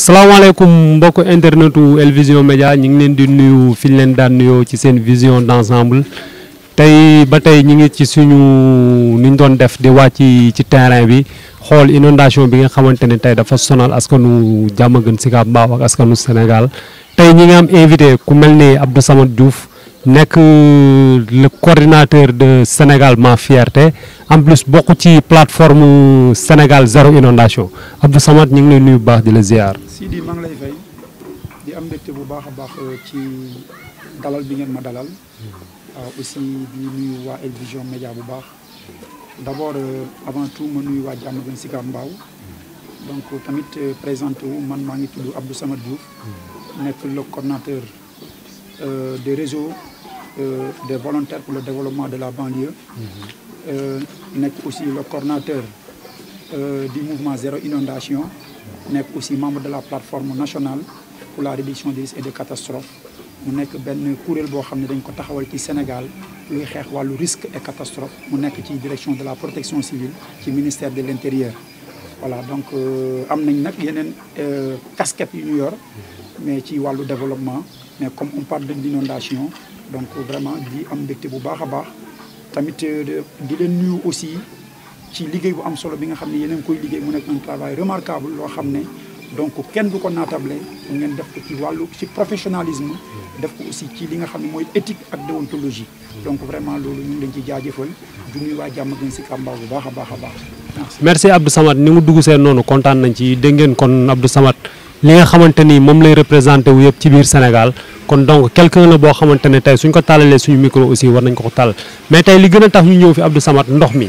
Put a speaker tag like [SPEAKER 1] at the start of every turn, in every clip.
[SPEAKER 1] salaamaaleykum mbokk internetu El Vision Média ñu ngi leen di nuyu fi ñu leen daan nuyoo ci seen vision d'ensemble tey ba tey ñu ngi ci suñu ni ñu doon def di wàcc ci terrain bi xool inondation bi nga xamante ne tey dafa sonal askanu Diamaguène Sicap Mbao ak askanu Sénégal tey ñi ngi am invité ku mel ni Abdou Samad Diouf nekk le coordinateur de Sénégal ma fierté en plus bokk ci plateforme Sénégal zéro inondation Abdou Samad ñu ngi lay nuyu baax di la ziar.
[SPEAKER 2] Sidi maa ngi veille, fay di am bu baax a baax euh, ci dalal bi hmm. euh, aussi di nuyu waa El Vision Média bu d'abord euh, avant tout ma nuyu à jàmm gën Sicap hmm. donc tamit présente wu man maa Abdou Samad Diouf hmm. nekk le coordonnateur des réseaux des volontaires pour le développement de la banlieue nekk aussi le coordonnateur du mouvement zéro inondation sommes aussi membre de la plateforme nationale pour la réduction des risques et des catastrophes mu sommes ben kuréel bo xamné dañ ko taxawal ci Sénégal luy xeex walu risque et catastrophe mu sommes ci direction de la protection civile du ministère de l'intérieur voilà donc euh, am nañ euh, casquette yu ñu yor mais ci développement mais comme on parle d'inondation donc vraiment di am mbégte bu baaxa a baax tamit euh, di aussi ci liggéey bu am solo bi nga xam ne yéen a koy liggéey mu nekk un travail remarquable loo xam ne donc kenn du ko naatable ngeen def ko ci wàllu ci professionnalisme def ko aussi ci li nga xam ne mooy étique ak déontologie donc vraiment loolu ñu ngi leen ci jaajëfal du nuyu waa jàmm gën si kàmbaaw bu baax a baax a baax
[SPEAKER 1] merci Abdou Samad ni mu dugg seen noonu kontaan nañ ci dégg ngeen kon Abdou Samad li nga xamante ni moom lay représenté wu yëpp ci biir Sénégal kon donc quelqu'un la boo xamante ne tey suñ ko tàllalee micro aussi war nañ ko ko mais tey li gën a tax ñu ñëw fi Abdou Samad ndox mi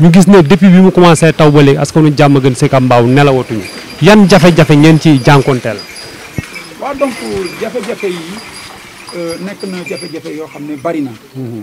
[SPEAKER 1] ñu gis ne depuis bi mu commencé taw ba léegi askanu jàmm gën si kambaaw nelawatuñu yan jafe-jafe ngeen ci jànkonteel
[SPEAKER 2] waaw donc jafe-jafe yi euh, nekk na jafe-jafe yoo xam ne bari na mm-hmm.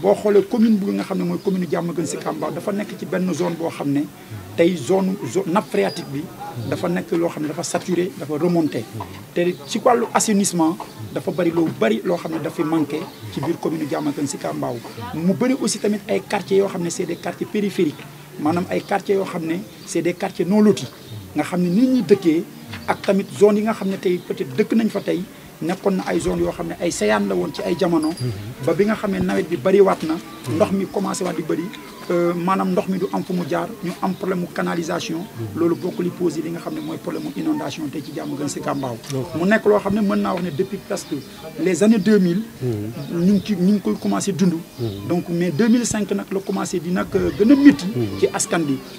[SPEAKER 2] boo xoolee commune bu nga xamné moy mooy commune Diamaguène ci Mbao dafa nek ci ben zone bo xamné tay zone nappe phréatique bi dafa nek lo xamné dafa saturé dafa remonter té ci walu assainissement dafa bari lo bari lo xamné ne dafay manqué ci biir commune Diamaguène ci Mbao mu bari aussi tamit ay quartiers yo xamné c'est des quartiers périphériques manam ay quartiers yo xamné c'est des quartiers non lotis nga xamné nit ñi dëkkee ak tamit zone yi nga xamné tay peut-être dëkk nañ fa tay nekkoon na ay zone yoo xam ne ay seyaan la woon ci ay jamono. ba bi nga xam ne nawet bi bëriwaat na. ndox mi commencé waat di bëri. Euh, manam ndox mi du am problème canalisation mhm. posé li nga problème inondation ci depuis presque les années 2000 mhm. ñu commencé mhm. donc mais 2005 nous avons commencé di euh,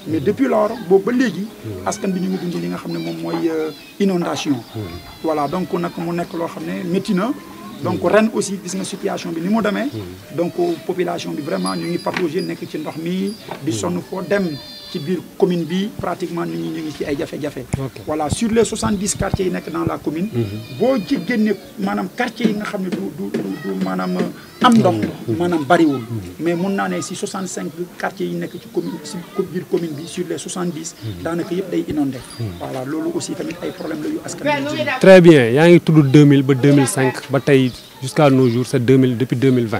[SPEAKER 2] mais depuis lors nous ba légui askan bi ñu euh, voilà donc mu donc ren aussi gis nga situation bi ni mu demee hmm. donc population bi vraiment ñu ngi partagé nekk ci ndox mi di hmm. sonn foo dem qui bir commune bi pratiquement ñu ngi ñu ngi ci ay jafé jafé voilà sur les 70 quartiers yi dans la commune. Mhm. bo ci génne manam quartiers yi nga xam du du du du euh, am ndox. Mhm. Mhm. bari wul mais mun na né ci 65 quartiers yi nekk ci commune si bir commune bi sur les 70. daanaka yépp day inondé. voilà lolu aussi tamit ay problème la yu askan très
[SPEAKER 1] bien yaa ngi tudd 2000 ba 2005 ba tay jusqu'à nos jours c'est 2000 depuis 2020.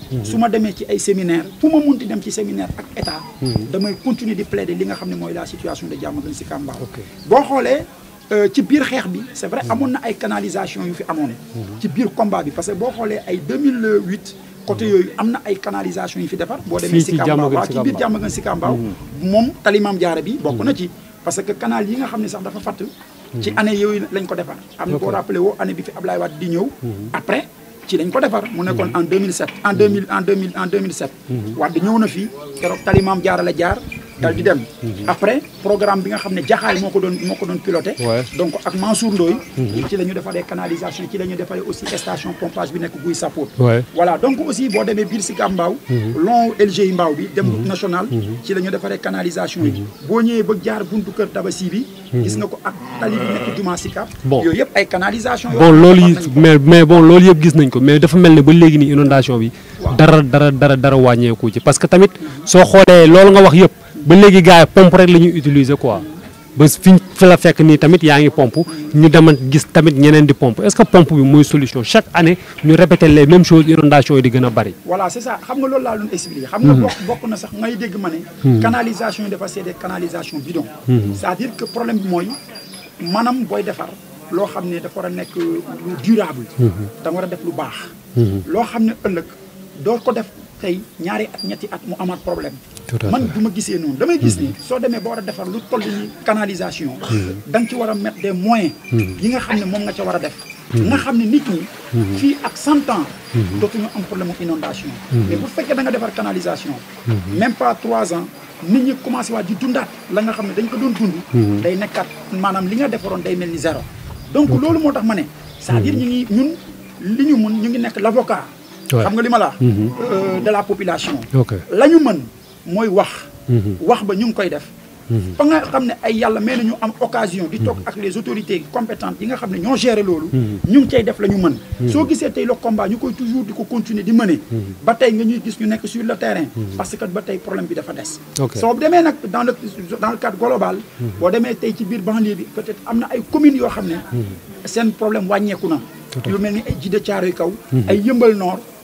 [SPEAKER 2] si je suis ci ay séminaire le monde munti dem ci séminaire ak état mhm. damay continuer de plaider li nga la situation de dans de euh, ci biir c'est vrai mhm. canalisation yu fi mhm. ci biir combat parce que 2008 côté yooyu amna ay canalisation yu fi defar de démé ci ci biir le bi na ci parce que canal yi nga xamné sax dafa fat ci année lañ ko am ko rappelé année bi après ci dañ ko defar mu nekkoon en 2007 en 2000 en 2000 en 2007. Mhm. Wade ñëw na fi keroog tali maam jaar. dal di dem. après programme bi nga xamné ne moko don moko don piloter donc ak Mansour ndoy mhm. ci lañu ñu defaree canalisation ci lañu ñu aussi station pompage bi nek Guy Sappour. voilà donc aussi bo démé biir Sicap Mbao. Mhm. long lg Mbao bi. dem route mhm. nationale. ci lañu ñu canalisation yi. bo ñëwee ba jaar buntu keur Tabassi bi. gis nga ko ak tali bi ay canalisation bon loolu
[SPEAKER 1] mais mais bon loolu yëpp gis nañ ko mais dafa melni ba légui nii inondation bi. dara dara dara dara wàññeeku ci parce que tamit so xolé loolu nga wax yëpp ba léegi gars pompe rek les ñuy utiliser quoi ba fi fi la fekk ni tamit yaa une pompe ñu demal gis tamit ñeneen di pompe est-ce que pompe bi mooy solution chaque année ñu répéter les mêmes choses inondation yi di gën bari.
[SPEAKER 2] voilà c'est ça xam nga loolu laa doon expliquer. xam nga hmm. bokk na sax ngay dégg ma hmm. canalisation yi dafa des canalisations bidon. Hmm. c'est-à-dire que problème bi mooy maanaam booy faire. Lo xam ne dafa war nekk durable. da nga war a def lu baax. loo xam ne ëllëg ko def tey ñaari at ñetti at mu amaat problème man du ma gisee noonu damay gis ni mm-hmm. soo demee ba war a defar lu toll ni canalisation mm-hmm. da nga ci war a met de moyens mm-hmm. yi nga xam ne moom nga ca war a def nga xam ne nit ñi fii ak cent ans dootuñu am problème inondation mais bu fekkee da nga defar canalisation même pas trois ans nit ñi commencé waat di dundaat la nga xam ne dañ ko doon dund day nekkaat maanaam li nga defaroon day mel ni zéro donc loolu moo tax ma ne cest à ñu ngi ñun li ñu mën ñu ngi nekk l'avocat xam nga li ma la mhm. euh, de la population la ñu mën mooy wax mhm. wax ba ñu ngi koy def mhm. ba nga xam ne ay yàlla may nañu am occasion di toog ak les autorités compétentes yi nga xam ne ñoo gérer loolu ñu ngi cay def la ñu mën soo gisee tey le combat ñu koy toujours di ko continuer di mëne ba tey nga ñuy gis ñu nekk sur le terrain parce que ba tey problème bi dafa des soo demee nag dans le dans le cadre global boo demee tey ci biir banlieue bi peut-être am na ay communes yoo xam ne seen problème wàññeeku na yu mel ni ay Djiddah Thiaroye Kaw ay Yeumbeul Nord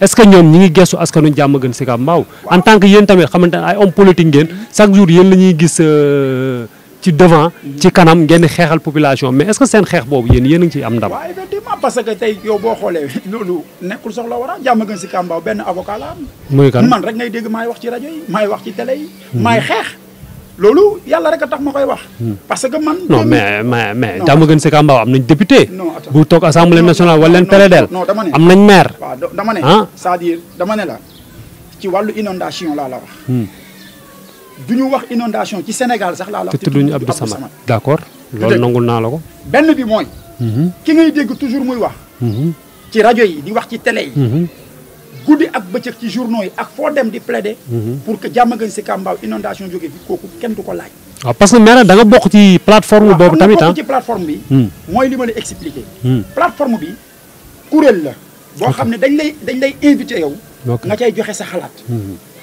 [SPEAKER 1] est-ce que ñoom ñi ngi gestu askanu jàmm gën si kaw mbaaw en tant que yéen tamit xamante ne ay homme politique ngeen chaque jour yéen la ñuy gis euh, ci devant ci kanam ngeen xeexal population mais est-ce que seen xeex boobu yéen yéen nga ngi am ndam. waaw
[SPEAKER 2] effectivement parce que tey yoo boo xoolee loolu nekkul soxla war a jàmm gën si kaw mbaaw benn avocat la am. muy kan man rek ngay dégg maay wax ci rajo yi maay wax ci hmm. maay xeex. loolu yàlla rek a tax ma koy wax. Hmm. parce que man. non mais
[SPEAKER 1] mais mais Diamaguène Sicap Mbao am nañ député. bu toog assemblée nationale wala leen tere del am nañ maire.
[SPEAKER 2] waaw dama ne. cest à dama ne la ci wàllu inondation laa la wax. Hmm. du ñu wax inondation ci Sénégal sax la wax. te tudduñu Abdou Samad
[SPEAKER 1] d' accord loolu nangul naa la ko.
[SPEAKER 2] benn bi mooy. Hmm. ki ngay dégg toujours muy wax. ci rajo yi di wax ci télé yi. goudi ak bëccëg ci journaux yi ak fo dem di plaider. Mhm. pour que Diamaguène Sicap Mbao inondation jóge fi koku kenn du ko laaj.
[SPEAKER 1] Ah parce que mère da nga bok ci plateforme bobu tamit hein ci
[SPEAKER 2] plateforme bi. moy hmm. li ma lay expliqué. Hmm. plateforme bi kuréel la. bo xamné dañ lay dañ lay inviter yow. nga cay joxe sa xalaat. Hmm.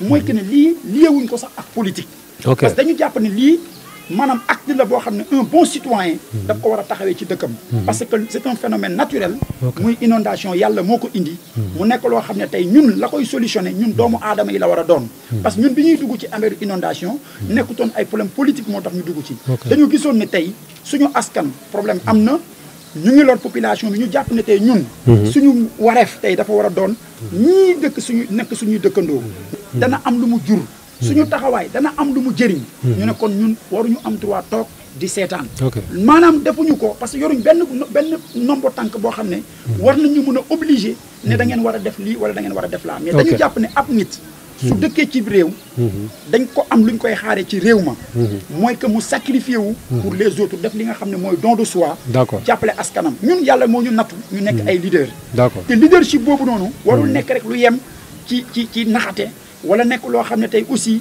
[SPEAKER 2] mooy que ne lii liewuñ ko sax ak politique parce que dañu japp ne li manam acte la bo xamné un bon citoyen da ko wara taxawé ci dëkkam mhm. parce que c'est un phénomène naturel muy inondation yalla moko indi mhm. mu nek lo xamné tay ñun la koy solutionné ñun doomu mhm. adam yi la wara doon parce que ñun biñuy ñuy dugg ci amer inondation nekutone ay problème politique mo tax ñu dugg ci dañu gissone ne tey suñu askan problème amna ñu ngi loon population bi ñu jàpp ne tey ñun mhm. suñu wareef tey dafa war a doon ñii dëkk suñu nekk suñuy dëkkandoo mhm. dana am lu mu jur mhm. suñu taxawaay dana am lu mu jëriñ ñu ne kon ñun waruñu am droit toog di seetaan maanaam defuñu ko parce que yoruñ benn benn nombre tànk boo xam ne war nañu mën a obligé ne da ngeen war a def lii wala dangeen war a def laa mais dañu jàpp ne ab nit su hmm. dëkkee ci réew hmm. dañ ko am luñ koy xaaree ci réew ma hmm. mooy que mu sacrifié wu pour les autres def li nga don de soi qui jàppale askanam ñun yàlla moo ñu ñu nekk ay leader te leadership boobu noonu warul nekk rek lu yem ci ci ci naxate wala nekk aussi.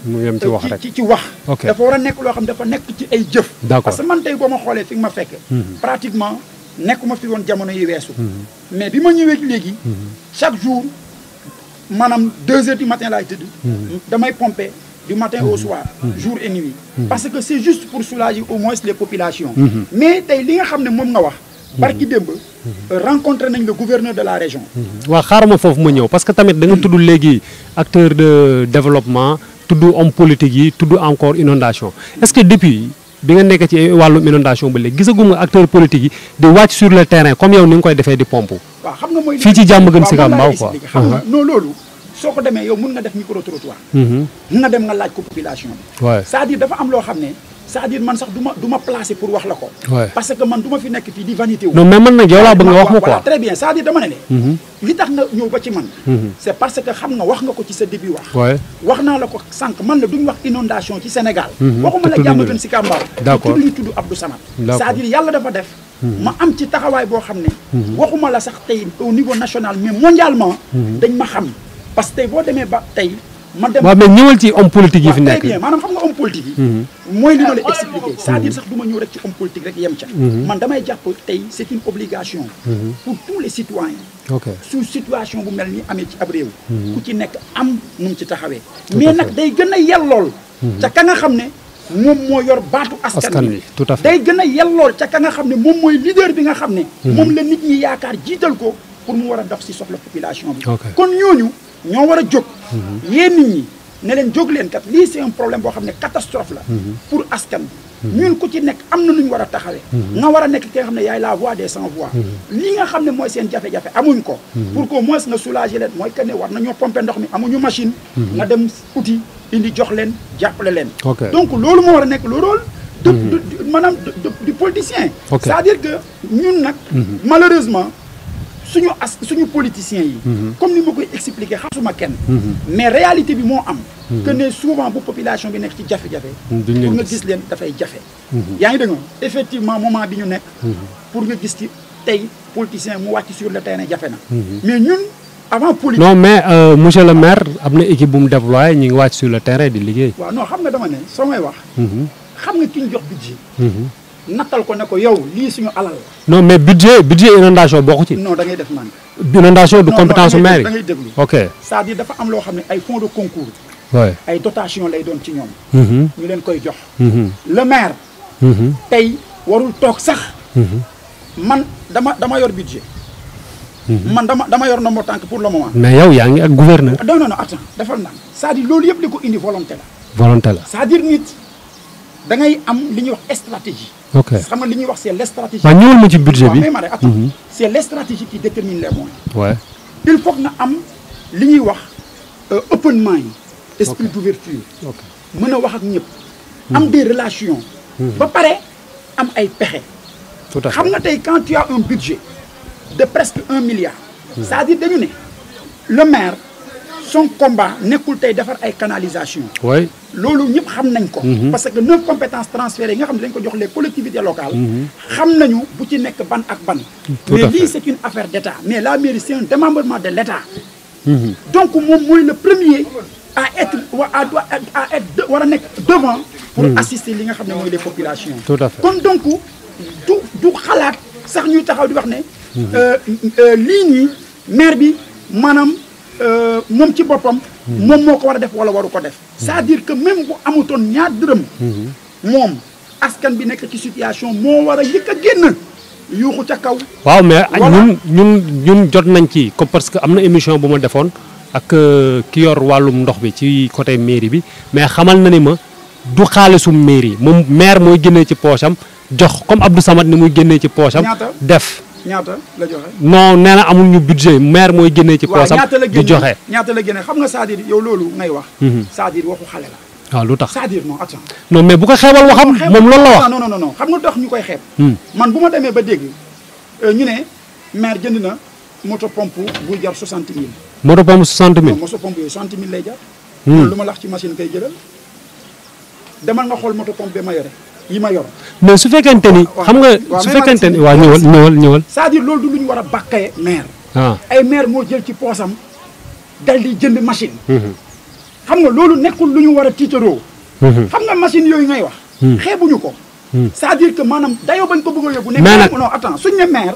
[SPEAKER 2] ci ci wax. dafa war a nekk loo xam dafa nekk ci ay jëf. parce que man tey boo ma xoolee ma fekk. pratiquement nekkuma fi jamono yi mais chaque jour. Madame, deux heures du matin je suis mhm. damay pomper du matin au mhm. soir mhm. jour et nuit parce que c'est juste pour soulager au moins les populations mais tey li nga xam ne moom nga wax barki rencontré le gouverneur de la région
[SPEAKER 1] Je xaarama foofu ma parce que tamit da nga acteur de développement tudd homme politique tout encore inondation est-ce que depuis que nga nekk ci inondation ba léegi gisagum acteur politique de di sur le terrain comme yow ni fait koy pompes pompe
[SPEAKER 2] waaw xam nga mooy. fii ci jàmm gën si kaam mbaaw quoi xam nga non loolu. soo ko demee yow mun nga def micro trottoir. loo xam ne. cest man sax du ma du ma placé pour wax la ko. parce que man du ma fi nekk fii di vanité wu. non mais man nag que xam nga wax nga ko ci sa début wax. wax naa man la duñ wax inondation ci Sénégal. waxuma la jàmm gën si Kambaaw. d'accord te tudd ñu tudd Abdou Samad. cest yàlla dafa def. ma am ci taxaway bo xamné waxuma la au niveau national mais mondialement. dañ ma parce que mais ci homme politique yi fi politique mhm. li cest dire sax ñëw rek ci homme politique rek mhm. c'est une obligation. Mhm. pour tous les citoyens. ok Sous situation bu ci ab ku ci am mais day ka nga moom moo yor baatu askan wi tout à gën a yellool ca ka nga xam ne moom mooy leader bi nga xam ne mhm. moom la nit ñi yaakaar jiital ko pour mu war a dox si soxla population bi kon ñooñu ñoo war a jóg mhm. yéen nit ñi ne leen jóg leen kat lii c'est problème boo xam ne catastrophe la mhm. pour askan bi ñun ku ci nekk am na lu ñu war a taxawe nga war a nekk ki xam ne yaay la voix des sans voix li nga xam ne mooy seen jafe-jafe amuñ ko pour qu'au moins nga soulager leen mooy que ne war nañoo pomper ndox mi amuñu machine nga dem outil indi jox leen jàppale leen. donc loolu mo wara nek lo le rôle.
[SPEAKER 3] de
[SPEAKER 2] manam mhm. du politicien. c'est-à-dire que ñun nag.
[SPEAKER 3] Mhm. malheureusement
[SPEAKER 2] suñu suñu politiciens yi. Mhm. comme ni ma koy expliquer xasuma kenn. mais réalité bi mo am. que ne souvent bu population bi nek ci jafé jafé pour nga gis len da fay jafé yaay dégg effectivement moment bi ñu nek pour nga gis ci tay politicien mu wacc sur le terrain jafé na. mais ñun. avant politique non mais
[SPEAKER 1] euh, monsieur le maire am na équipe bu mu déployé ñu ngi wàcc sur le terrain di liggéey.
[SPEAKER 2] waaw no xam nga dama ne soo may wax. Mhm. xam nga ki ñu jox
[SPEAKER 1] mhm.
[SPEAKER 2] nattal ko ne ko yow lii suñu alal la.
[SPEAKER 1] non mais budget budget boo bokk ci. non
[SPEAKER 2] da ngay def man. inondation du compétence mair maire yi da ngay déglu ok cest à dafa am loo xam ne ay fonds de concours. waay ay dotation lay doon ci ñoom. Mhm. ñu leen koy jox.
[SPEAKER 1] le
[SPEAKER 2] maire. tey warul toog sax. man dama dama yor budget. Mhm. man dama dama yor ndombo tank pour le moment.
[SPEAKER 1] mais yow yaa ngi ak gouverneur.
[SPEAKER 2] non non non attends defal naa c'est-à-dire loolu yëpp li indi volonté la. volonté la c'est-à-dire nit da ngay am li wax stratégie. ok xam nga li wax c'est l'stratégie ba ñewul ma ci budget bi attends mhm. c'est l'stratégie qui détermine les moyens. ouais il faut que na am li wax euh, open mind. esprit d'ouverture. ok mëna wax ak ñep mhm. am des relations. ba paré am ay pexé tout à xam nga tey quand tu as un budget de presque un milliard. c'est-à-dire le maire son combat pas de faire ay canalisation Oui. loolu ñëpp xam nañ mhm. parce que nos compétences transférées les collectivités locales. Mhm. xam nañu bu ci ban ak ban. mais c'est une affaire d'État mais la mairie c'est un démembrement de l'État. Mhm. donc moom le premier à être à à être devant. pour assister les populations. tout à fait donc du du xalaat sax ñuy taxaw euh, euh, ligne nii maire bi euh mom ci bopam mom hmm. moko wara def wala waru ko def. Hmm. c'est-à-dire que même bu amutoon ñaar dërëm. mom hmm. askan bi nek ci situation mo wara a genn a génn. ca kaw.
[SPEAKER 1] waaw mais ñun ñun ñun jot nañ ci ko parce que amna émission buma defone ak euh, ki yor wàllum ndox bi ci côté mairie bi mais xamal na ni ma du xaalisum mairie mom maire moy génnee ci poosam jox comme Abdou Samad ni muy génnee ci poosam def.
[SPEAKER 2] ñaata la joxe.
[SPEAKER 1] non nee na amul ñu budget maire mooy génnee ci poosam. di joxe
[SPEAKER 2] ñaata la génne xam nga cest à yow loolu ngay wax. c'est-à-dire mhm. waxu xale la.
[SPEAKER 1] waaw ah, lu tax c'est-à-dire non attends. non mais bu ko xeebal waxam moom loolu la wax. non
[SPEAKER 2] non non xam nga tax ñu koy xeeb. Hmm. man bu ma demee ba dégg euh, ñu ne maire jënd na moto pompe buy jar 60 000.
[SPEAKER 1] moto pompe 60 000 moto
[SPEAKER 2] pompe yooyu 60 000 lay jar. loolu hmm. lu ma lax ci machine kay jëlal demal nga xool moto pompe ba ma yore. yi ma yor
[SPEAKER 1] mais su fekkente ni xam nga su fekkente ni waa ñëwal ñëwal ñëwal
[SPEAKER 2] c'est-à-dire loolu du lu ñu war a bàkkee maire ah. ay maire moo jël ci poosam dal di jënd machine mhm. xam nga loolu nekkul lu ñu war a tiitaroo mhm. xam nga machine yooyu ngay wax mhm. ñu ko c'est-à-dire que maanaam dayoo bañ ko bëgg a yóbbu nekk non attends suñ ne maire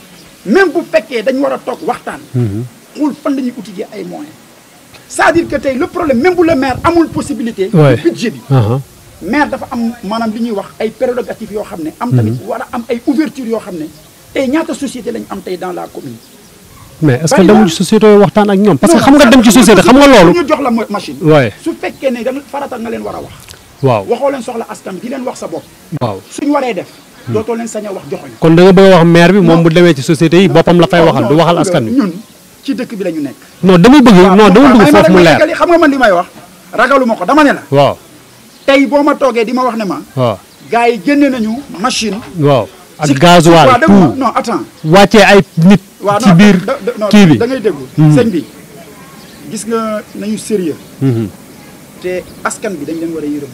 [SPEAKER 2] même bu fekkee dañ war a toog waxtaan. xool mhm. fan la ñuy utiliser ay moyens. c'est-à-dire que tey le problème même bu le maire amul possibilité. du budget bi. Uh-huh. maire dafa am maanaam li ñuy wax ay prérogatives yoo xam ne. am tamit mhm. war a am ay ouverture yoo xam ne tey ñaata société lañ am tey dans la commune.
[SPEAKER 1] mais est-ce que demuñu société waxtaan ak ñoom. parce que xam nga dem ci société xam nga loolu. ñu
[SPEAKER 2] jox la machine. waay su fekkee ne da farata nga leen war a wax. waaw waxoo leen soxla askan bi leen wax sa bopp. waaw suñu waree def. Hmm. dootoo leen sañ a wax joxoñ
[SPEAKER 1] kon da nga bëgg a wax maire bi bu ci société yi la fay waxal du waxal askan bi ñun
[SPEAKER 2] ci dëkk bi la nekk
[SPEAKER 1] non dama bëgg non dama bëgg foofu mu leer
[SPEAKER 2] xam nga man wax dama ne la waaw di wax ne ma waaw nañu machine
[SPEAKER 1] waaw ak gasoil tout non attends wàccee ay nit
[SPEAKER 2] ci biir kii bi da ngay déglu hmm. sëñ bi gis nga nañu sérieux hmm. askan bi dañ leen yërëm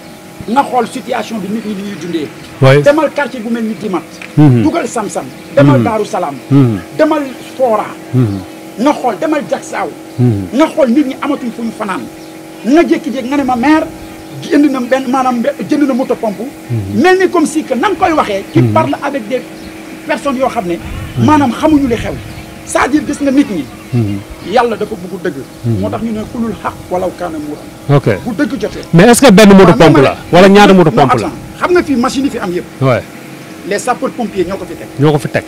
[SPEAKER 2] na xol situation bi nit ñi ni ñuy demal quartier bu mel ni Dimat. Mhm. dugal Samsam. demal mhm. daru salam mhm. demal Fora. na xol demal Jaksaaw. na xol nit ñi ma na jënd na moto pompe. ni comme si que nang koy waxé qui avec des personnes yo cest à gis nga nit ñi. Hmm. yalla dafa bëgg dëgg. Hmm. moo tax ñu ne kulul haq wala kaana mu ok bu dëgg jotté mais est-ce que ben moto pompe la ah, wala ñaar moto pompe la. xam nga fi machine fi am yépp ouais les sapeurs pompiers ñoko fi tek ñoko fi tek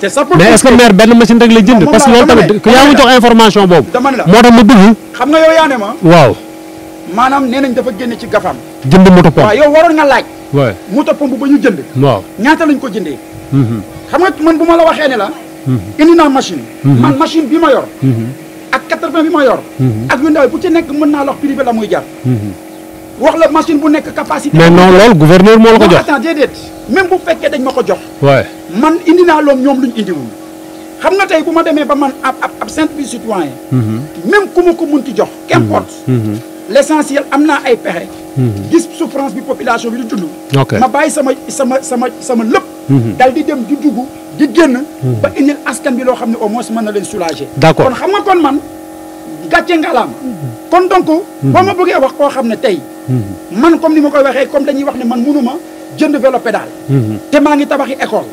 [SPEAKER 2] te sapeurs mais est-ce que maire ben machine rek la jënd. parce que lool tamit ku yaa ma jox information boobu. dama ne la tax ma dugg. xam nga yow yaane ma. waaw. manam nenañ dafa génne ci gafam
[SPEAKER 1] jënd
[SPEAKER 3] moto pompe waaw yow waron nga laaj. waay
[SPEAKER 2] moto pompe ba ñu jënd. waaw ñaata lañ ko jëndé hmm, hmm xam nga man buma la waxé ne la Mhm. indi naa machine. Mhm. man machine bi ma yor. Mhm. ak quatre-vingt bi ma yor. ak yu ndaw bu ci nekk mën naa la wax prix bi la muy jar. wax la machine bu nekk capacité. mais non loolu gouverneur moo la ko jox non attends déedéet bu fekkee dañ ma ko jox. waay man indi naa loom ñoom luñ indiwul. xam nga tey bu ma demee ba man ab ab ab simple citoyen. même ku ma ko munti jox. qu'importe. l'essentiel amna ay pexe. Hmm. gis souffrance bi population bi di dund. ma baye sama sama sama sama lépp. Hmm. dal di dem di dugg di génn. Hmm. ba indil askan bi lo xam au moins mën na soulager. kon xam nga kon man gatché ngalam kon donc. boo ma bëggee wax ko xam tay man comme ni ma koy waxé comme dañuy wax ne man mënuma jënd vélo pédale. té ma ngi tabaxi école.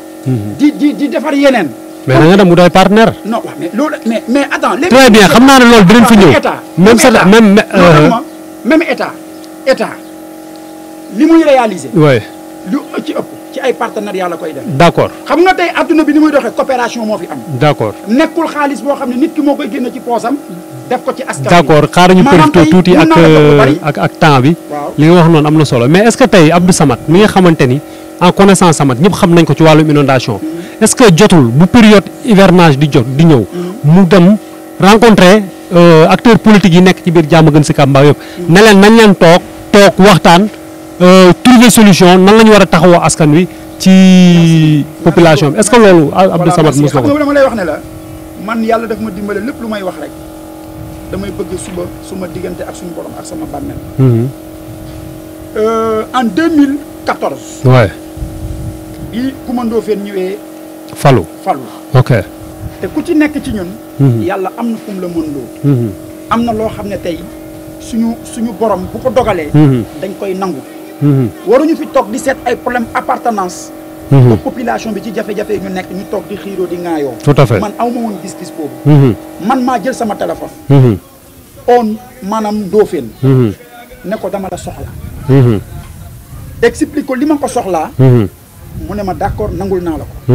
[SPEAKER 2] di di di defar yeneen. mais na nga dem mu doy partenaire. non mais mais mais attends. très bien xam naa ne dinañ fi ñëw.
[SPEAKER 1] même ça même
[SPEAKER 2] même état état li muy réaliser. ouais lu ci ëpp ci ay partenariat la koy def. d'accord accord xam nga tey adduna bi ni muy doxee coopération mo fi am. d'accord nekul nekkul xaalis xamni nit ki moo koy génne ci posam def ko ci askan d'accord accord xaar ñu profité ak euh,
[SPEAKER 1] ak ak temps bi. li nga wax non amna solo mais est ce que tay Abdou Samad mi nga xamanteni en connaissance Samad ñëpp xam nañ ko ci walu inondation mm-hmm. est ce que jotul bu période hivernage di jot di ñëw mm-hmm. mu dem rencontrer. Uh, acteur politique yi nek ci biir jamm gën ci kamba yop ne leen nañ tok tok waxtan euh trouver solution nan lañ wara war askan wi ci population est ce que lolu Abdou Samad musso ko
[SPEAKER 2] dama lay wax ne la man yalla daf ma dimbalé lepp lu may wax rek damay bëgg suba suma digënté ak suñu borom ak sama euh en 2014 ouais yi Coumba Ndoffène ñëwee fallo fallo ok té ku ci nek ci ñun Mhm. yàlla am na fu la mën loo mhm. am na loo xam ne tey suñu suñu borom bu ko dogalee mhm. dañ koy nangu waruñu fi toog di seet ay problème appartenance pour population bi ci jafe-jafe yi ñu nekk ñu toog di xiiroo di ŋaayoo tout à man aw ma woon gis-gis boobu man maa jël sama téléphone on maanaam Ndofène
[SPEAKER 3] ne
[SPEAKER 2] ko dama la soxla explique ko li ma ko soxlaa
[SPEAKER 3] mu
[SPEAKER 2] ne ma d'accord nangul naa la ko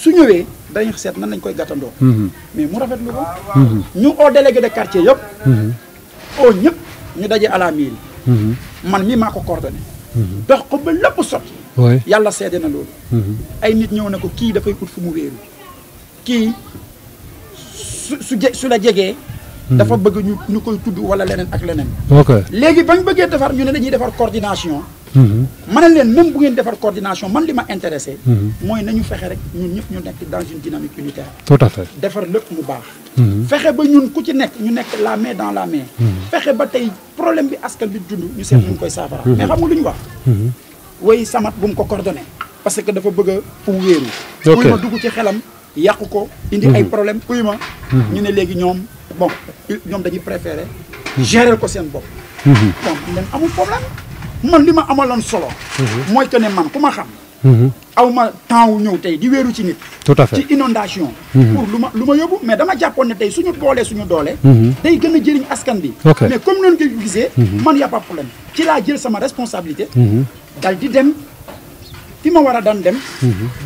[SPEAKER 2] su ñëwee dañu seet nan nañ koy gàttandoo. Mm-hmm. mais mu rafetlu ko. Mm-hmm. ñu oo délégué de quartier yëpp. Mm-hmm. oo ñëpp ñu daje à la mairie. man mii maa ko coordonné. dox ko ba lépp sot yàlla seede na loolu. ay nit ñëw ne ko kii dafay ut fu mu wéeru kii su su su la jegee. dafa bëgg ñu ñu koy tudd wala leneen ak leneen. léegi bañ bëggee defar ñu ne dañuy defar coordination. Mm-hmm. ma ne leen même bu ngeen defar coordination man li ma intéressé. Mm-hmm. mooy nañu fexe rek ñun ñëpp ñu nekk dans une dynamique unitaire. tout à fait defar lépp mu baax. Mm-hmm. fexe ba ñun ku ci nekk ñu nekk la main dans la main. fexe ba tey problème bi askan bi dund. ñu seet ñu koy saafara. mais xam nga lu ñu wax. way samat bu mu coordonner parce que dafa bëgg pour fu oui ok ma dugg ci xelam yàqu ko. indi ay problème uy ma. ñu ne léegi ñoom bon ñoom dañuy préféré. gérer ko seen bopp. bon leen amul problème man li ma amaloon solo. moy mhm. que ne man ku xam. Mhm. awma ma temps wu ñëw di wéru ci nit. tout à fait ci inondation. Mhm. pour luma luma lu mais dama jàppoon ne tey suñu boolee suñu doole. day gëna jëriñ askan bi. mais comme non nga gisee. man y a pas problème ci la jël sama responsabilité. dal di dem fi ma wara a dem.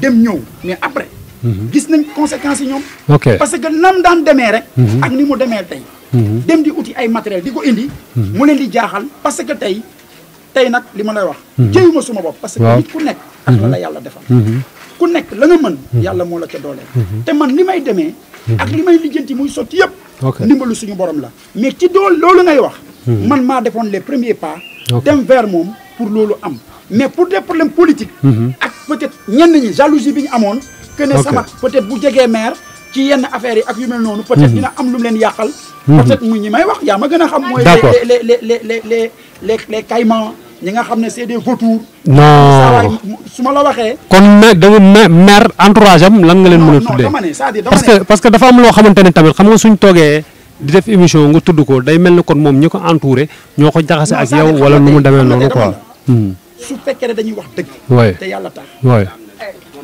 [SPEAKER 2] dem ñew mais après. gis nañ conséquences ñom parce que nam daan démé rek. ak ni mu démé tay dem di uti ay matériel di ko indi. mu leen di jaaxal parce que tay tey nag li ma lay wax mhm. jëyuma suma bopp parce que nit ku nekk ak la mhm. la yàlla defal mhm. ku nekk la nga mën yàlla moo la ca dooleel te man li may demee ak li may lijjanti muy sotti yëpp ndimbalu suñu borom la mais ci dool loolu ngay wax man maa defoon les premiers pas dem vers moom pour loolu am mais pour des problèmes politiques ak peut-être ñenn ñi jalousie bi ñu amoon que ne sama peut-être bu jegee maire ci yenn affaires yi ak yu mel noonu peut-être dina am lu mu leen may wax yaa ma gën a xam mooy les les les les caïmans ñi nga xam ne c'est des vautours. non su ma la
[SPEAKER 1] kon mais da nga maire entourage am lan nga leen mën a tuddee. parce que parce que dafa am loo xamante ne tamit xam nga suñ toogee. di def émission nga tudd ko day mel ni kon moom ñi ko entouré ñoo ko jaxase ak yow wala nu mu demee noonu quoi.
[SPEAKER 3] Hmm.
[SPEAKER 2] su dañuy wax dëgg. te yàlla tax.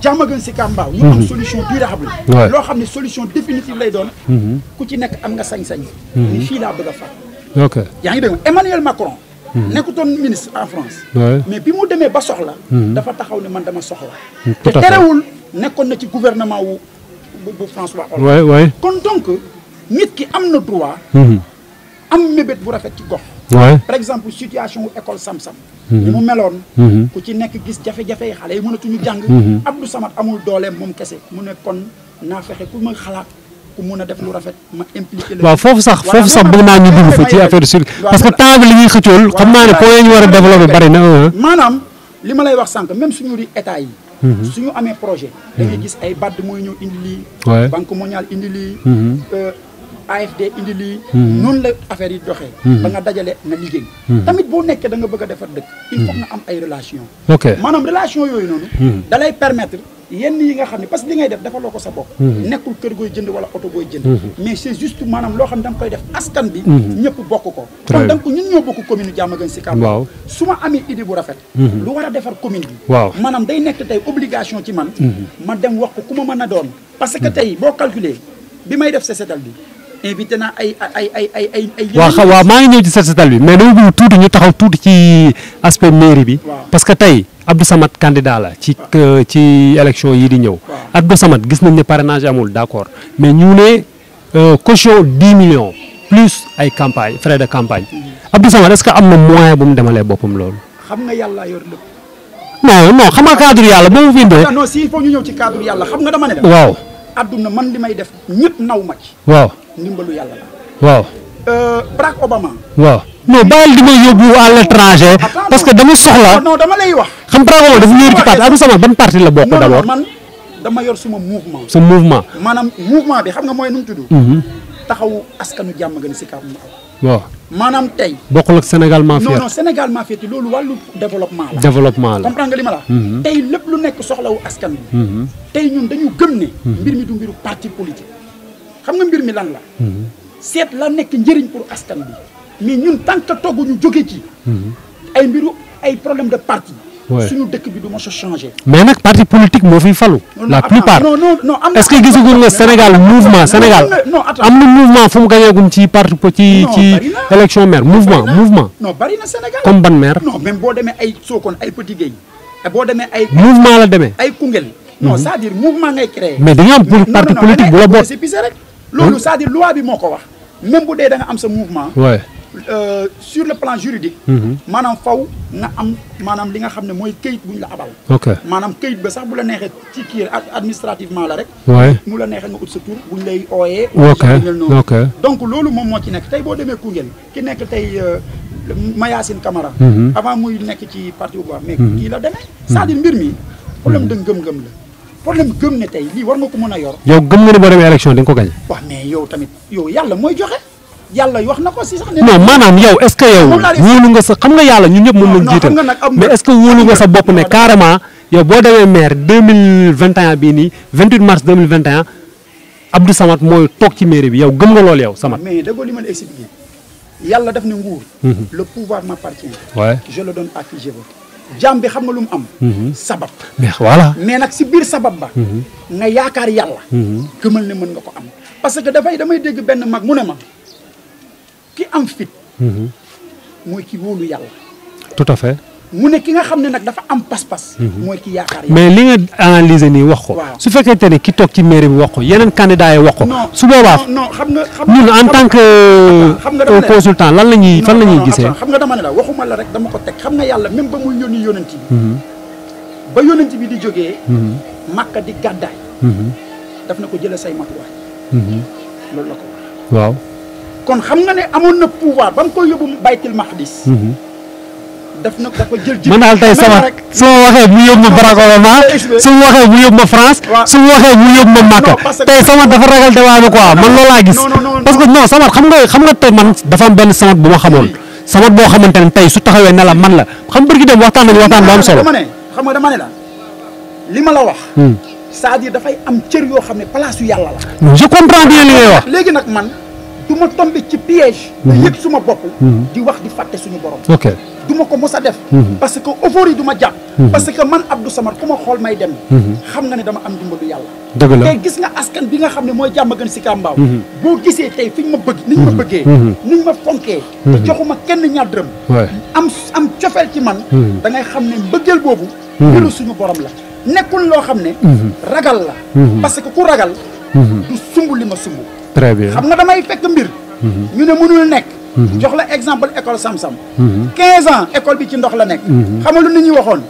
[SPEAKER 2] Diamaguène Sicap Mbao ñu am mhm. solution durable loo xam ne solution définitive lay doon mhm. ku ci nekk am nga sañ-sañ ni mhm. fii laa bëgg a far ok yaa ngi dégg Emmanuel Macron nekkutoon ministre en France mais bi mu demee ba soxla dafa taxaw ne man dama soxla mm, te terewul nekkoon na ci gouvernement wu bu François Hollande kon donc nit ki am na droit
[SPEAKER 3] am
[SPEAKER 2] mébét bu rafet ci gox ouais. par exemple situation wu école samsam sam mhm. ni mu meloon mhm. ku ci nek gis jafé jafé xalé yi xale yi mënatuñu jàng mhm. Abdou Samad amul dolem mom kessé mu ne kon na fexé ku ma xalat ku mun def lu rafet ma impliquer la waaw foofu sax fofu sax bëgg naa ñu dugg fa ci affaire sur parce que temps bi li ñuy xëccool xam na ne ko yi ñu wara développer bari na hein. maanaam li ma lay wax sank même suñu di état yi suñu amé projet da ngay gis ay BAD moy ñeu indi lii banque mondiale indi euh AFD indi lii. Hmm. noonu la affaire yi doxee. Hmm. ba dajale nga liggéey. Hmm. tamit boo nekkee danga bëgg a defar dëkk. il faut nga am ay relation ok maanaam relation yooyu noonu. da lay permettre. yenn yi nga xam ne parce que li ngay def dafa loo ko sa bopp nekkul kër gooy jënd wala oto gooy jënd mais c'est juste maanaam loo xam ne koy def askan bi ñëpp bokk ko kon da nga ko ñun ñoo bokk commune Diamaguène Sicap waaw su ma amee idée bu rafet lu war a defar commune bi waaw maanaam day nekk tey obligation ci man ma dem wax ko ku ma mën a doon parce que tey boo calculer bi may def sa setal bi invité naa ay ay ay ay ay waaw maa
[SPEAKER 1] ngi ñëw ci sa set setal bi mais dama bëgg tuuti ñu taxaw tuuti ci aspect mairie bi. parce que tey Abdou Samad candidat la ci euh, ci élection yi di ñëw. Abdou Samad gis nañ ne parrainage amul d'accord mais ñu ne euh, caution 10 millions plus ay campagne frais de campagne mm-hmm. Abdou Samad est-ce que am na moyen bu mu demalee boppam loolu.
[SPEAKER 2] xam nga yàlla yor lépp.
[SPEAKER 1] non non xam nga cadre yàlla boo mu bindee.
[SPEAKER 2] non ci cadre yàlla xam nga dama ne. waaw. àdduna man li may def ñëpp naw ma ci. waaw ndimbalu yàlla la. waaw. Euh, Barack Obama.
[SPEAKER 1] waaw non baal di ma yóbbu à l'étranger.
[SPEAKER 2] parce que dama soxla. non dama lay wax.
[SPEAKER 1] xam Barack Obama dafa ñëw ci parti Abdou Samad ban parti la man
[SPEAKER 2] dama yor suma mouvement. sa mouvement. maanaam mouvement bi xam nga mooy nu mu taxaw mhm. taxawu askanu jàmm gën si kàmm waaw. maanaam tey. bokkul
[SPEAKER 1] ak Sénégal maa féete non non
[SPEAKER 2] Sénégal maa féete loolu wàllu développement la. développement la comprendre nga li ma la. Mhm. tey lépp lu nekk soxlawu askan bi mhm. tey ñun dañu gëm ne. Mhm. mbir mi du mbiru parti politique. xam nga mbir mi lan la. seet la nekk njëriñ pour askan bi mais ñun tant que togg ñu jóge ci. ay mbiru ay problème de parti. mais
[SPEAKER 1] nak parti politique moo fiy la plupart est-ce que gisagul le Sénégal mouvement Sénégal. amna mouvement fum gagné gañeegum ci parti ci ci. élection maire mouvement mouvement. non
[SPEAKER 2] bari na Sénégal comme ban maire. non même bo démé ay Sokone ay Petit Gueye. Bo démé ay. mouvement la démé. ay kungel. non mhm. c'est-à-dire mouvement ngay créer. mais da am pour parti politique bu la boot. loolu hmm? c'est-à-dire loi bi moko wax. même bu dé da nga am ce mouvement. Euh, sur le plan juridique. manam mhm. faw nga am manam li nga xamné moy keuyit buñ la abal. manam keuyit ba sax bu la nexé ci kii administrativement la rek. mu la nexé nga ut sa tur bu ñu lay ooyee. donc lolu mom mo ci nek tay bo démé ku Koungheul ki nek tay euh, Mayacine Camara. Mhm. avant muy nek ci parti bu baax mais mhm. ki la demee. cest à mbir mi problème de ngëm-ngëm la. problème gëm ne tay li war nga ko mën yor.
[SPEAKER 1] yow gëm nga ni boo demee élection di nga ko gañ.
[SPEAKER 2] wa mais yow tamit yow yalla moy joxé yalla wax na ko si sax non manam yow est ce que yow wolu
[SPEAKER 1] nga sa xam nga yalla ñun ñep mën nañ jital mais est ce que wolu nga sa bop ne carrément yow bo démé maire 2021 bi ni 28 mars 2021 abdou samad moy tok ci mairie bi yow gëm nga lool yow samad
[SPEAKER 2] mais dego li man expliquer yalla daf ne nguur mhm. le pouvoir m'appartient ouais je le donne à qui je veux jam bi xam nga lu am mhm. sabab mais voilà mais nak ci bir sabab ba mhm. nga yaakar yalla gëmal ne mën nga ko am parce que dafay damay dégg ben mag mu ne ma ki am fit. Mhm. mooy ki wóolu yàlla. tout à fait. mu ne ki nga xam ne nag dafa am pas-pas. Mhm. mooy ki yaakaar yàlla mais
[SPEAKER 1] li nga analyser nii wax ko. su fekkente ne ki toog ci mairie bi wax ko yeneen candidat yi wax ko. su boobaa
[SPEAKER 2] non xam nga. ñun en tant que. un euh, consultant
[SPEAKER 1] lan la ñuy fan la ñuy gisee. xam
[SPEAKER 2] nga dama ne la waxuma la rek dama ko teg xam nga yàlla même ba muy yónni yónent bi. Mhm. ba yónent bi di jógee. màkka di gàddaay. daf na ko jëlee say matuwaay. loolu la ko wax kon xam nga ne amoon na pouvoir ba mu koy yóbbu baytil maqdis mhm. na dafa jël ji man daal tey sama
[SPEAKER 1] su waxee mu yóbbu ma Barack Obama su ma waxee mu yóbbu ma France su ma waxee mu yóbbu ma Màkka tey sama dafa ragal te waaye quoi man loolu laa gis parce que non samat xam nga xam nga tey man dafa am benn samat bu ma xamoon samat boo su taxawee ne la man la xam bërki dem waxtaan nañu waxtaan bu am solo dama ne
[SPEAKER 2] xam nga dama ne la li ma la wax hmm. cest à dafay am cër yoo xam ne place yu yàlla la je comprends bien li léegi nag man duma tomber ci piège. nga mhm. yépp suma bopp. Mhm. di wax di fàtte suñu borom. ok duma ko mos a def. Mhm. parce que euphorie du ma jàpp. parce que man Abdou samar ku ma xool may dem. xam nga ne dama am dimbalu yàlla. dëgg la gis nga askan bi nga xam ne mooy jàmm gën si kàmbaaw. boo gisee tey fiñ ma bëgg niñ ma bëggee. niñ ma fonkee. te joxuma kenn ñaar dërëm. am am cofeel ci man. da ngay xam ne mbëggeel boobu. mbiru suñu borom la nekkul loo xam ne. ragal la. parce que ku ragal. du sumb li ma sumb très bien xam nga damay fekk mbir. Mhm. ñu ne mënul nekk. Mhm. jox la exemple école Sam-Sam. 15 mhm. ans école bi ci ndox la nekk. xam nga lu nit ñi waxoon.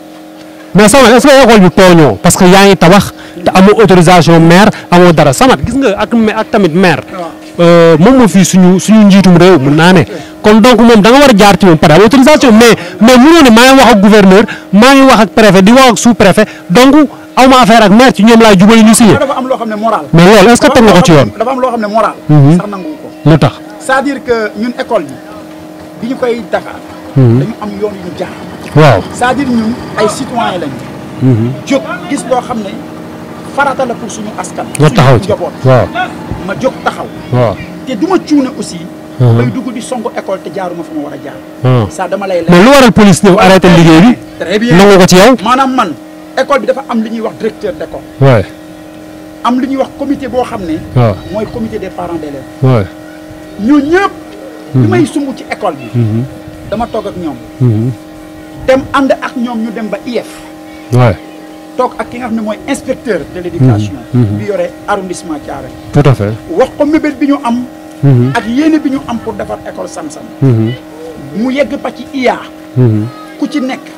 [SPEAKER 1] mais sama est-ce que école bi tooñoo parce que yaa ngi tabax te amoo autorisation maire amoo dara Samat gis nga ak ak tamit maire. Euh, moom moo fi suñu suñu njiitum réew mun naa kon donc moom da nga war a jaar ci moom par autorisation mais mais mënoo ne maa ngi wax ak gouverneur maa ngi wax ak préfet di wax ak sous préfet donc. aw ma affaire ak maire ci ñoom laay jubali ñu signé. mais dafa
[SPEAKER 2] am loo xam ne moral. mais loolu est ce que teg nga ko ci am loo xam mhm. lu tax cest que ñun école bi bi ñu mhm. am yoon yu ñu jaar. waaw cest mhm. xam ne la pour suñu askan. nga taxaw ci waaw ma taxaw. waaw te aussi. bay dugg école te jaaruma war a jaar. ça dama lay. mais lu waral liggéey bi. nangu ko ci yow. maanaam man. école bi dafa am li ñuy wax directeur de école. waay am li ñuy wax comité boo xam ne. mooy comité des parents d' élèves. waay ñoo bi may mhm. sumb ci école bi. Mhm. dama toog ak ñoom. Mhm. dem ànd ak ñoom ñu dem ba IEF. waay ak ki nga xam ne mooy inspecteur de l' éducation. bi yore arrondissement Thiaroye. tout à wax ko mébét bi ñu am. ak yéene bi ñu am pour defar école Sam Sam. mu yegg ba ci IA. ku ci nekk.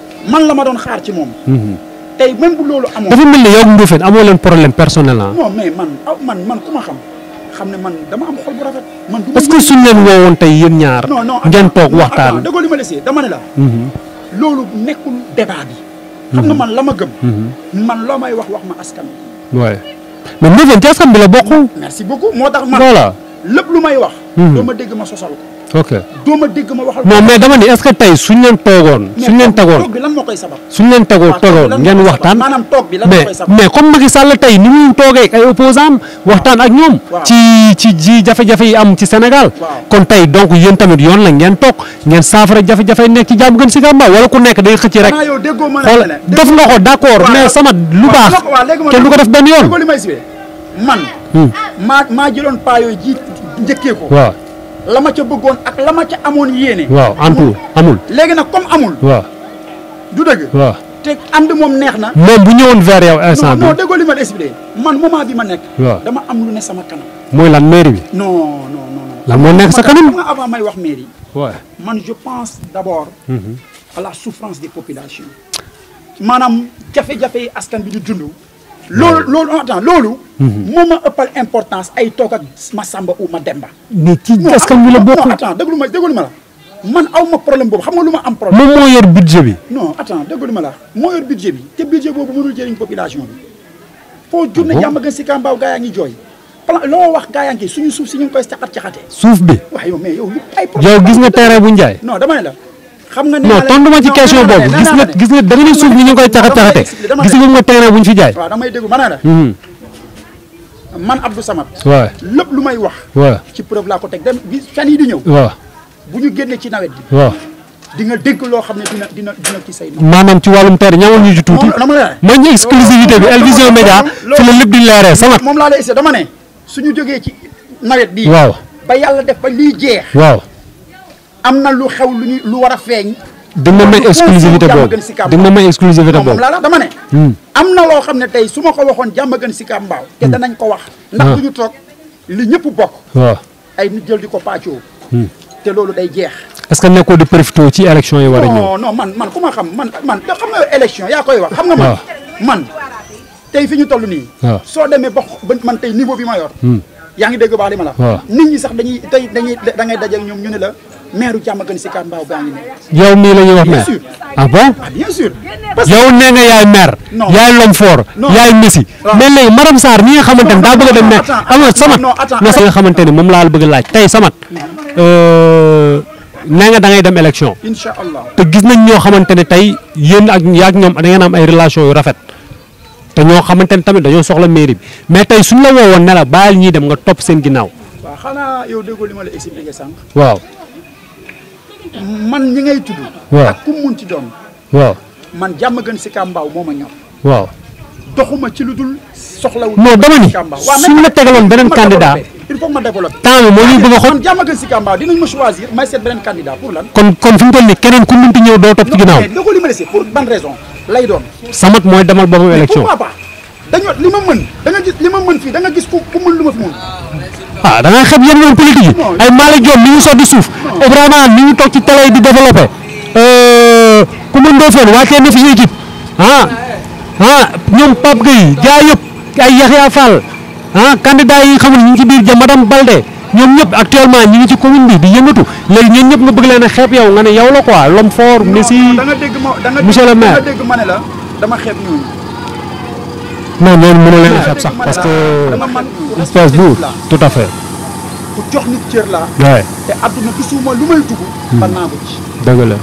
[SPEAKER 2] man la ma doon xaar ci moom. Mhm. tey même bu loolu amoon. dafa mel ni yow Ndofène amoo leen
[SPEAKER 1] problème personnel ah. non
[SPEAKER 2] mais man ah, man man ku ma xam xam ne man dama am xol bu rafet. man du parce que suñ leen
[SPEAKER 1] woowoon tey yéen ñaar. ngeen waxtaan non non
[SPEAKER 2] li ma see dama ne mhm. loolu nekkul débat xam nga mhm. man la ma gëm. man loo may wax wax ma askan bi.
[SPEAKER 1] waaw mais Ndofène ci askan bi la bokk.
[SPEAKER 2] merci beaucoup moo tax man. voilà lépp lu may wax. doo ma dégg ma sosal ko. ok doo ma ma waxal. non mais dama ni est-ce
[SPEAKER 1] que tey suñ leen toogoon. suñ leen tagoon toog bi lan moo koy sabab. suñ leen tagoo toogoon ngeen waxtaan. maanaam toog bi lan koy sabab mais comme Macky Sall tey ni mu toogee ay opposants waxtaan ak ñoom. ci ci ji jafe-jafe yi am ci Sénégal. kon tey donc yéen tamit yoon la ngeen toog ngeen saafara jafe-jafe nekk ci jàmm gën si gàmba wala ku nekk day xëcc rek. xool
[SPEAKER 2] def nga ko d'accord mais sama lu baax. kenn du ko def benn yoon. man. Hmm. ma, maa jëloon paa yooyu ji njëkkee ko. waaw la bëggoon ak la amoon yéene. waaw amul. léegi comme amul. du te
[SPEAKER 1] bu vers yow
[SPEAKER 2] non moment dama am lu sama kanam. lan bi. non
[SPEAKER 1] non non. kanam
[SPEAKER 2] avant may wax man je pense d'abord mhm. à la souffrance des populations. maanaam jafe-jafe askan bi di dund. loolu loolu on attend loolu. Mhm. moo ma ëppal importance ay toog ak ma Samba ou ma Demba. mais ci askan wi la bokkul non attends déglu ma déglu ma la. man aw ma problème boobu xam nga lu ma am problème. moom moo yor budget bi. non attends déglu ma la moo yor budget bi te budget boobu mënul jëriñ population bi. foo jur na ah jàmm gën si Kambaaw gaa yaa ngi jooy. plan loo wax gaa yaa ngi suñu suuf si ñu ngi koy caxat caxate. suuf bi waaw yow mais yow gis nga terrain bu njaay. non dama ne xam nga non tontu ma ci question boobu gis nga gis
[SPEAKER 1] nga da nga ne suuf bi ñu koy caxat caxate gis nga nga terrain buñ fi jaay damay
[SPEAKER 2] man abdou samad waaw lépp lu may wax waaw ci preuve ko dem bi fan yi di ñëw waaw bu ñu ci nawet bi waaw di nga dégg loo xam dina dina dina ki say maanaam ci wàllum
[SPEAKER 1] terre ñawal ñu ci tuuti
[SPEAKER 2] ma ñu exclusivité bi El Vision fi la lépp di leeree samad moom laa lay essayé dama ne suñu jógee ci nawet bi waaw ba def ba jeex am na lu xew lu ñu lu war a feeñ. da nga may exclusivité boobu da nga may exclusivité boobu laa la dama ne. Hmm. am na loo xam ne tey su ma ko waxoon jàmm gën si Kàmb Mbaaw. te hmm. danañ ko wax. ndax du ah. ñu toog li ñëpp bokk. ay nit jël di ko pàccoo. Hmm. te loolu day jeex.
[SPEAKER 1] est que nekkoo di profité ci élection yi war a ñëw. non
[SPEAKER 2] non man man ku ma xam man man te xam nga élection yaa koy wax. xam nga man ah. man tey fi ñu toll nii. Ah. soo demee ba man tey niveau bi ma yor. yaa ngi dégg baax li ma la. nit ñi sax dañuy tey dañuy da ngay daje ñoom ñu ne la maire Diamaguène Sicap Mbao baa ngi nii. mii la ñuy wax maire. ah bon ah bien sûr. parce que yow nee nga yaay maire. yaay l'homme fort. yaay Messi. Ah. mais léegi Maram
[SPEAKER 1] Sarr mi nga xamante ne daa bëgg dem maire. am na samat non nga xamante ne moom laa bëgg laaj tey samat. Euh, nee nga da ngay dem élection. incha te gis nañ ñoo xamante ne tey yéen ak yaak ñoom da ngeen am ay relation yu rafet. te ñoo xamante ne tamit dañoo soxla mairie bi mais tey suñ la woowoon ne la bàyyil ñuy dem nga topp seen ginnaaw.
[SPEAKER 2] waaw xanaa waaw. man ñi ngay tudd. waaw man jàmm gën si kàmbaaw moo ma ñor. waaw doxuma ci lu dul soxlawu. non dama ni suñ la tegaloon beneen candidat. il moo ñuy bëgg a xool man jàmm gën si kàmbaaw dinañ ma choisir
[SPEAKER 1] kon kon fi mu toll nii keneen ku munti ñëw doo topp ci ginnaaw.
[SPEAKER 2] non mais mooy
[SPEAKER 1] demal boobu élection
[SPEAKER 2] dañoo lima ma mën da nga gis li mën fii da nga gis mën fi mën.
[SPEAKER 1] ah da nga xam yéen ñoom politique ay Malick Diop mi ngi sotti suuf Ibrahima mi ngi toog ci télé yi di développé euh, ku mën Ndofène wàccee na fi équipe ah ah ñoom Pape Gueye gars yëpp ay Yaxya Fall ah candidat yi xamul ñu ci biir ja madame Balde ñoom ñëpp actuellement ñu ngi ci commune bi di yëngatu léegi ñun ñëpp nga bëgg leen a yow nga ne yow la quoi l'homme fort Messi dama non loolu mënul leen échappe sax parce que espace tout à fait.
[SPEAKER 2] ku jox nit cër laa. waaye te àdduna gisuma lu may dugg. mën hmm. naa ko ci. dëgg la.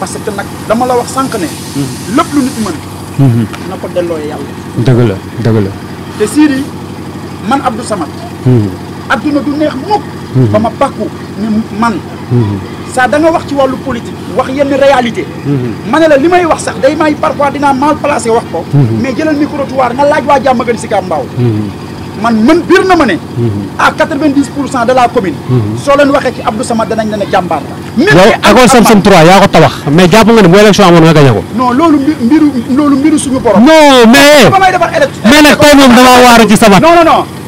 [SPEAKER 2] parce nag dama la wax sànq ne. Hmm. lépp lu nit mën. Hmm. na ko
[SPEAKER 1] la dëgg la.
[SPEAKER 2] te Sidy man Abdou adduna du neex mukk mhm. ba ma bàkku ni man mhm. saa da nga wax ci wàllu politique wax yenn réalité mhm. ma ne la li may wax sax day may parfois dinaa mal placé wax ko mais jëlal micro trottoir nga laaj waa jàmm man mën biir na ma ne ak quatre-vingt-dix pour cent de la commune soo leen waxee ci Abdou Samad danañ ne jàmbaar la yow
[SPEAKER 1] accord yaa ko tabax mais jàpp nga ne bu élection amoon nga gañe ko
[SPEAKER 2] non loolu mbiru loolu mbiru suñu borom non mais ba may
[SPEAKER 1] mais nag tey moom damaa waaru ci Samad non
[SPEAKER 2] non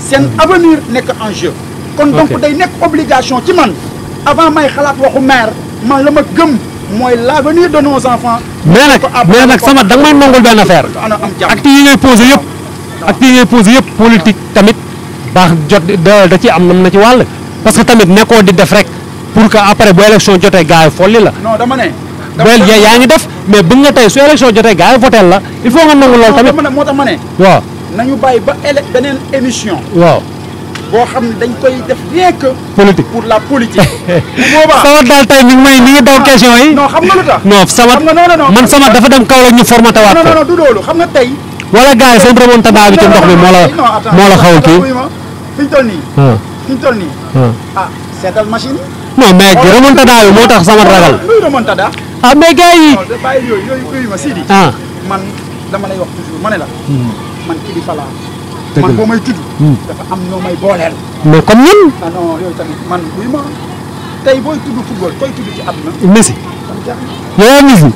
[SPEAKER 2] sen mmh. avenir nek en jeu kon donc day nek obligation ci man avant may xalat waxu mère man lama gëm moy l'avenir de nos enfants mais nak mais nag sama da nga may nongul benn
[SPEAKER 1] affaire ak yi ngay posé yëpp acte yi ngay posé yëpp politique tamit bax jot da ci am nam na ci wàll parce que tamit nekkoo di def rek pour que après bo élection joté gaay folli la
[SPEAKER 2] non dama né bel ya ngi
[SPEAKER 1] def mais bëgg nga tey su élection joté gaay yi votel
[SPEAKER 2] la il faut nga nangu loolu tamit moo tax waaw nañu bàyyi ba ele beneen émission. waaw. boo xam ne dañ koy def rien que. politique pour la politique. bu boobaa sama daal tey
[SPEAKER 1] mi ngi may mi ngi daw ah, question yi. non xam nga lu tax. man sama dafa dem kaw la ñu formaté waat ko.
[SPEAKER 2] du loolu xam nga tey.
[SPEAKER 1] wala gars yi seen remontada bi ci ndox mi moo la moo la xaw a kii.
[SPEAKER 2] fi ñu toll nii. Ah. fi ñu toll ah. bi moo tax sama ragal. luy remontada. ah mais gars yi. ah man kilifa laa. dëgg man boo may tudd. Hmm. dafa am ñoo may booleel. mais comme ñun. ah non yooyu tamit man buy ma tey booy tudd football koy tudd ci àdduna. Messi yow
[SPEAKER 1] yaa Messi.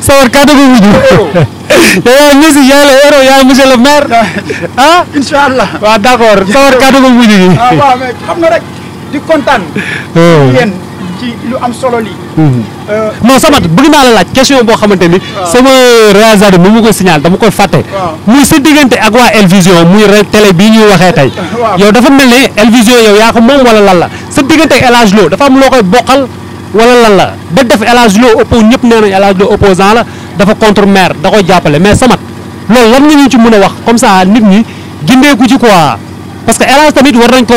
[SPEAKER 1] sawar kàddu gi
[SPEAKER 2] wuju. yow yaa Messi yaa la euro yaa monsieur le maire. ah, ah? incha allah. waaw d' accord sawar kàddu gi wuju gi. ah waaw mais xam nga rek di kontaan. Oh. yéen. ci lu am solo lii. Mm-hmm. non Samath bëgg naa la
[SPEAKER 1] laaj question boo xamante ni. sama euh, réalisateur bi mu koy signal dama koy fàtte. muy sa diggante ak waa El Vision muy télé bii ñuy waxee tey. yow dafa mel ne El Vision yow yaa ko moom wala lan la sa diggante ak El Hadj dafa am loo koy bokkal wala lan la def El Hadj Lo oppo ñëpp nee nañ El Hadj opposant la dafa contre maire da koy jàppale mais Samath loolu lan nga ñu ci mën a wax comme ça nit ñi ku ci quoi parce que ko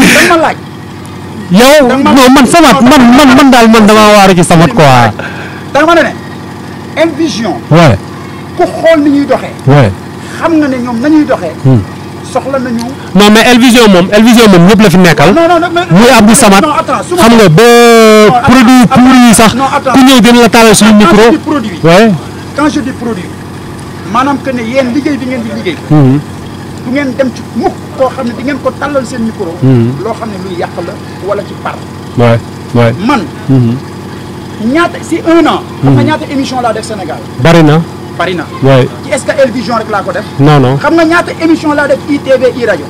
[SPEAKER 2] dama laaj. yow non man
[SPEAKER 1] samat man man man daal man damaa waaru ci samat quoi.
[SPEAKER 2] danga ma ne ne M waaye. ku xool ni ñuy doxee. waaye. xam nga ni ñoom nañuy doxee. Hmm. soxla nañu.
[SPEAKER 1] non mais El Vision moom El Vision moom ñëpp la fi nekkal. muy Abdou Samad xam nga ba produit pour yi sax. ku ñëw dina la taalal suñu micro. waaye.
[SPEAKER 2] quand je dis produit maanaam que du ngeen dem ci mukk koo xam ne di ngeen ko tàllal seen micro. Hmm. loo xam ne luy yàq la wala ci par.
[SPEAKER 3] waay
[SPEAKER 1] waay man. Hmm.
[SPEAKER 2] ñaata si un an. xam nga hmm. ñaata émission laa def Sénégal. bari na. bari na waay ci SKL vision rek laa ko def. non xam nga ñaata émission laa def ITV i rajo.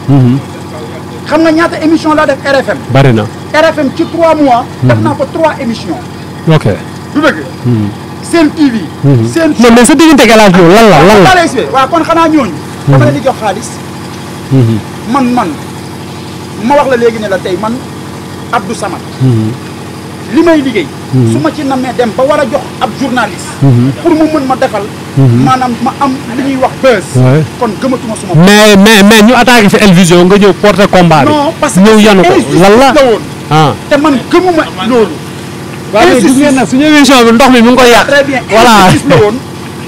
[SPEAKER 2] xam nga ñaata émission laa def RFM. bari na RFM ci trois mois. def naa ko trois émissions. ok du dëgg. seen TV. seen
[SPEAKER 1] non mais sa diggante galaas boobu lan la lan
[SPEAKER 2] la. waaw kon xanaa ñooñu. dafa leen di man man ma wax la léegi ne la tey man Abdou Samad mhm. li may liggéey mhm. su ma ci namee dem ba war a jox ab journaliste mhm. pour mu mën ma defal maanaam ma am li ñuy wax buzz kon gëmatuma suma mais mais mais
[SPEAKER 1] ñu attaqué fi El Vision nga ñëw porter combat bi parce que ñëw yanu ko wala ah.
[SPEAKER 2] te man gëmuma loolu
[SPEAKER 1] waaw mais gis ngeen
[SPEAKER 2] nag suñu émission bi ndox mi mu ko koy yàq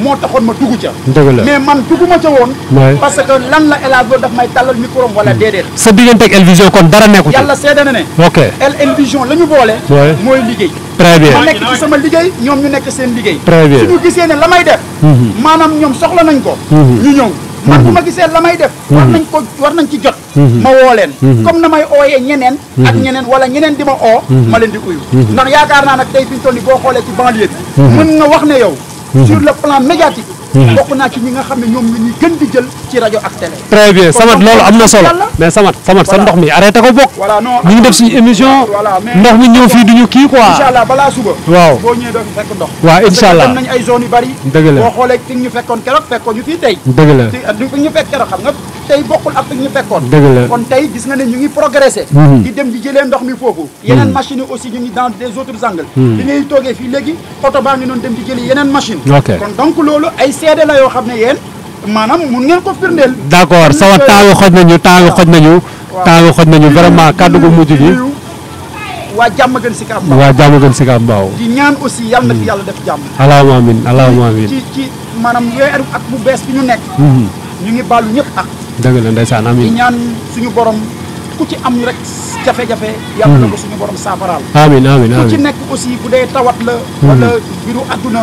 [SPEAKER 2] moo taxoon ma dugg ca. mais man dugguma ca woon. parce que lan la El Hadj may tàllal micro wala hmm. déedéet.
[SPEAKER 1] sa diggante ak El kon dara nekkul. yàlla seede na ne. ok
[SPEAKER 2] El Vision la ñu boole. mooy liggéey. très bien ma nekk ci sama liggéey ñoom ñu nekk seen liggéey. très bien su gisee ne la may def. Hmm. maanaam ñoom soxla nañ ko. Hmm. ñu ñëw. man bu ma gisee la may def. war nañ ko war nañ ci jot. ma woo comme na may ooyee ñeneen. ak ñeneen wala ñeneen di ma oo. ma leen wax ne yow. Mhm. sur le plan médiatique. Mhm. bokk naa ci ñi nga xam ne ñoom la ñuy gën di jël ci rajo ak télé. très bien Samat loolu am na solo
[SPEAKER 1] mais Samat Samat sa ndox mi arrêté ko bokk. voilà non ñu ngi def suñu émission. ndox mi ñëw fii du ñu kii quoi. incha allah balaa suba. waaw boo
[SPEAKER 2] ñëwee doo yu bari. dëgg la boo xoolee tey bokkul ak ñu fekkoon kon tey gis nga ne ñu ngi progressé mhm. di dem di jëlee ndox mi foofu mhm. yeneen machine yi aussi ñu ngi dans des autres angles li mhm. ngay toogee fii léegi oto baa ngi noonu dem di jëli yeneen machine kon donc loolu ay seede la yoo xam ne yéen maanaam mun ngeen ko firndeel d'accord sawa taagu
[SPEAKER 1] xoj nañu taagu xoj nañu taagu xoj nañu vraiment kàddu gu mujj gi
[SPEAKER 2] waa jàmm gën si kaam mbaaw waa ñaan aussi yàlla def jàmm
[SPEAKER 1] allahumma amin allahumma amin ci
[SPEAKER 2] ci maanaam
[SPEAKER 1] dëgg la ndeysaan amiin di ñaan
[SPEAKER 2] suñu borom ku ci am rek jafe-jafe. yàlla na hmm. ko suñu borom saafaraal. amiin
[SPEAKER 1] amiin amiin ku ci nekk
[SPEAKER 2] aussi bu dee tawat la. Hmm. wala mbiru adduna.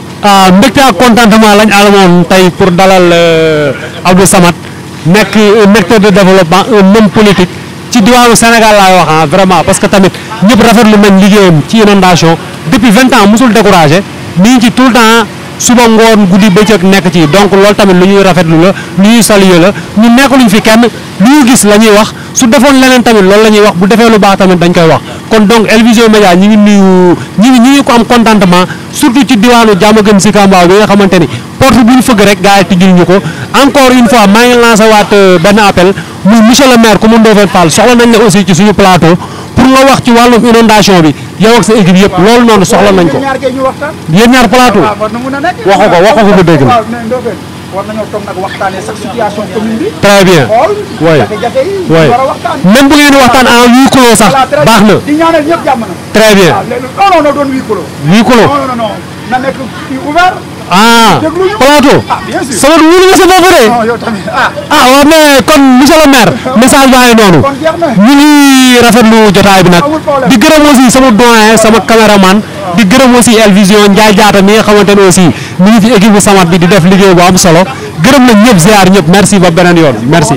[SPEAKER 1] ah mbégte ak contentement lañ alamoon tey pour dalal euh, Abdou Samad nekk un de développement un homme politique ci diwaanu Sénégal laay wax ah vraiment parce que tamit ñëpp lu nañ liggéeyam ci inondation depuis vingt ans mosul découragé mi ngi ci tout le temps suba ngoon guddi bëccëg nekk ci donc loolu tamit lu ñuy rafet lu la lu ñuy saluer la ñu nekk luñ fi kenn lu ñu gis la ñuy wax. su defoon leneen tamit loolu la ñuy wax bu defee lu baax tamit dañ koy wax kon donc El Vision Médias ñi ngi nuyu ñi ngi ñi ngi ko am contentement surtout ci diwaanu Diamaguène Sicap Mbao bi nga xamante ni porte bu ñu fëgg rek gars yi tijjul ñu ko encore une fois maa ngi lancé waat euh, benn appel muy monsieur le maire Coumba Ndoffène Fall soxla nañ la aussi ci suñu plateau pour nga wax ci wàllum inondation bi yow ak sa équipe yëpp loolu noonu soxla nañ ko
[SPEAKER 2] yéen ñaar plateau ah, waxu ko waxu ko dégg la war nañoo bi. très bien xool. waay waay même bu waxtaan en huis clos baax na. di ñaanal ñëpp jàmm na. très bien waaw léegi non non doon huis clos. huis clos non na nekk fii ah plateau. Ah, sama wóolu nga sa bopp de. ah, ah.
[SPEAKER 1] ah waaw mais kon monsieur le maire message baa ngi noonu ñu ngi rafetlu jotaay bi nag di gërëm aussi sama doyen sama caméraman di gërëm aussi elvision Vision Ndiaye Diatta mi nga xamante ne aussi mi fi équipe bu samat bi di def liggéey bu am solo gërëm nañ ñëpp ziar ñëpp merci ba beneen yoon merci.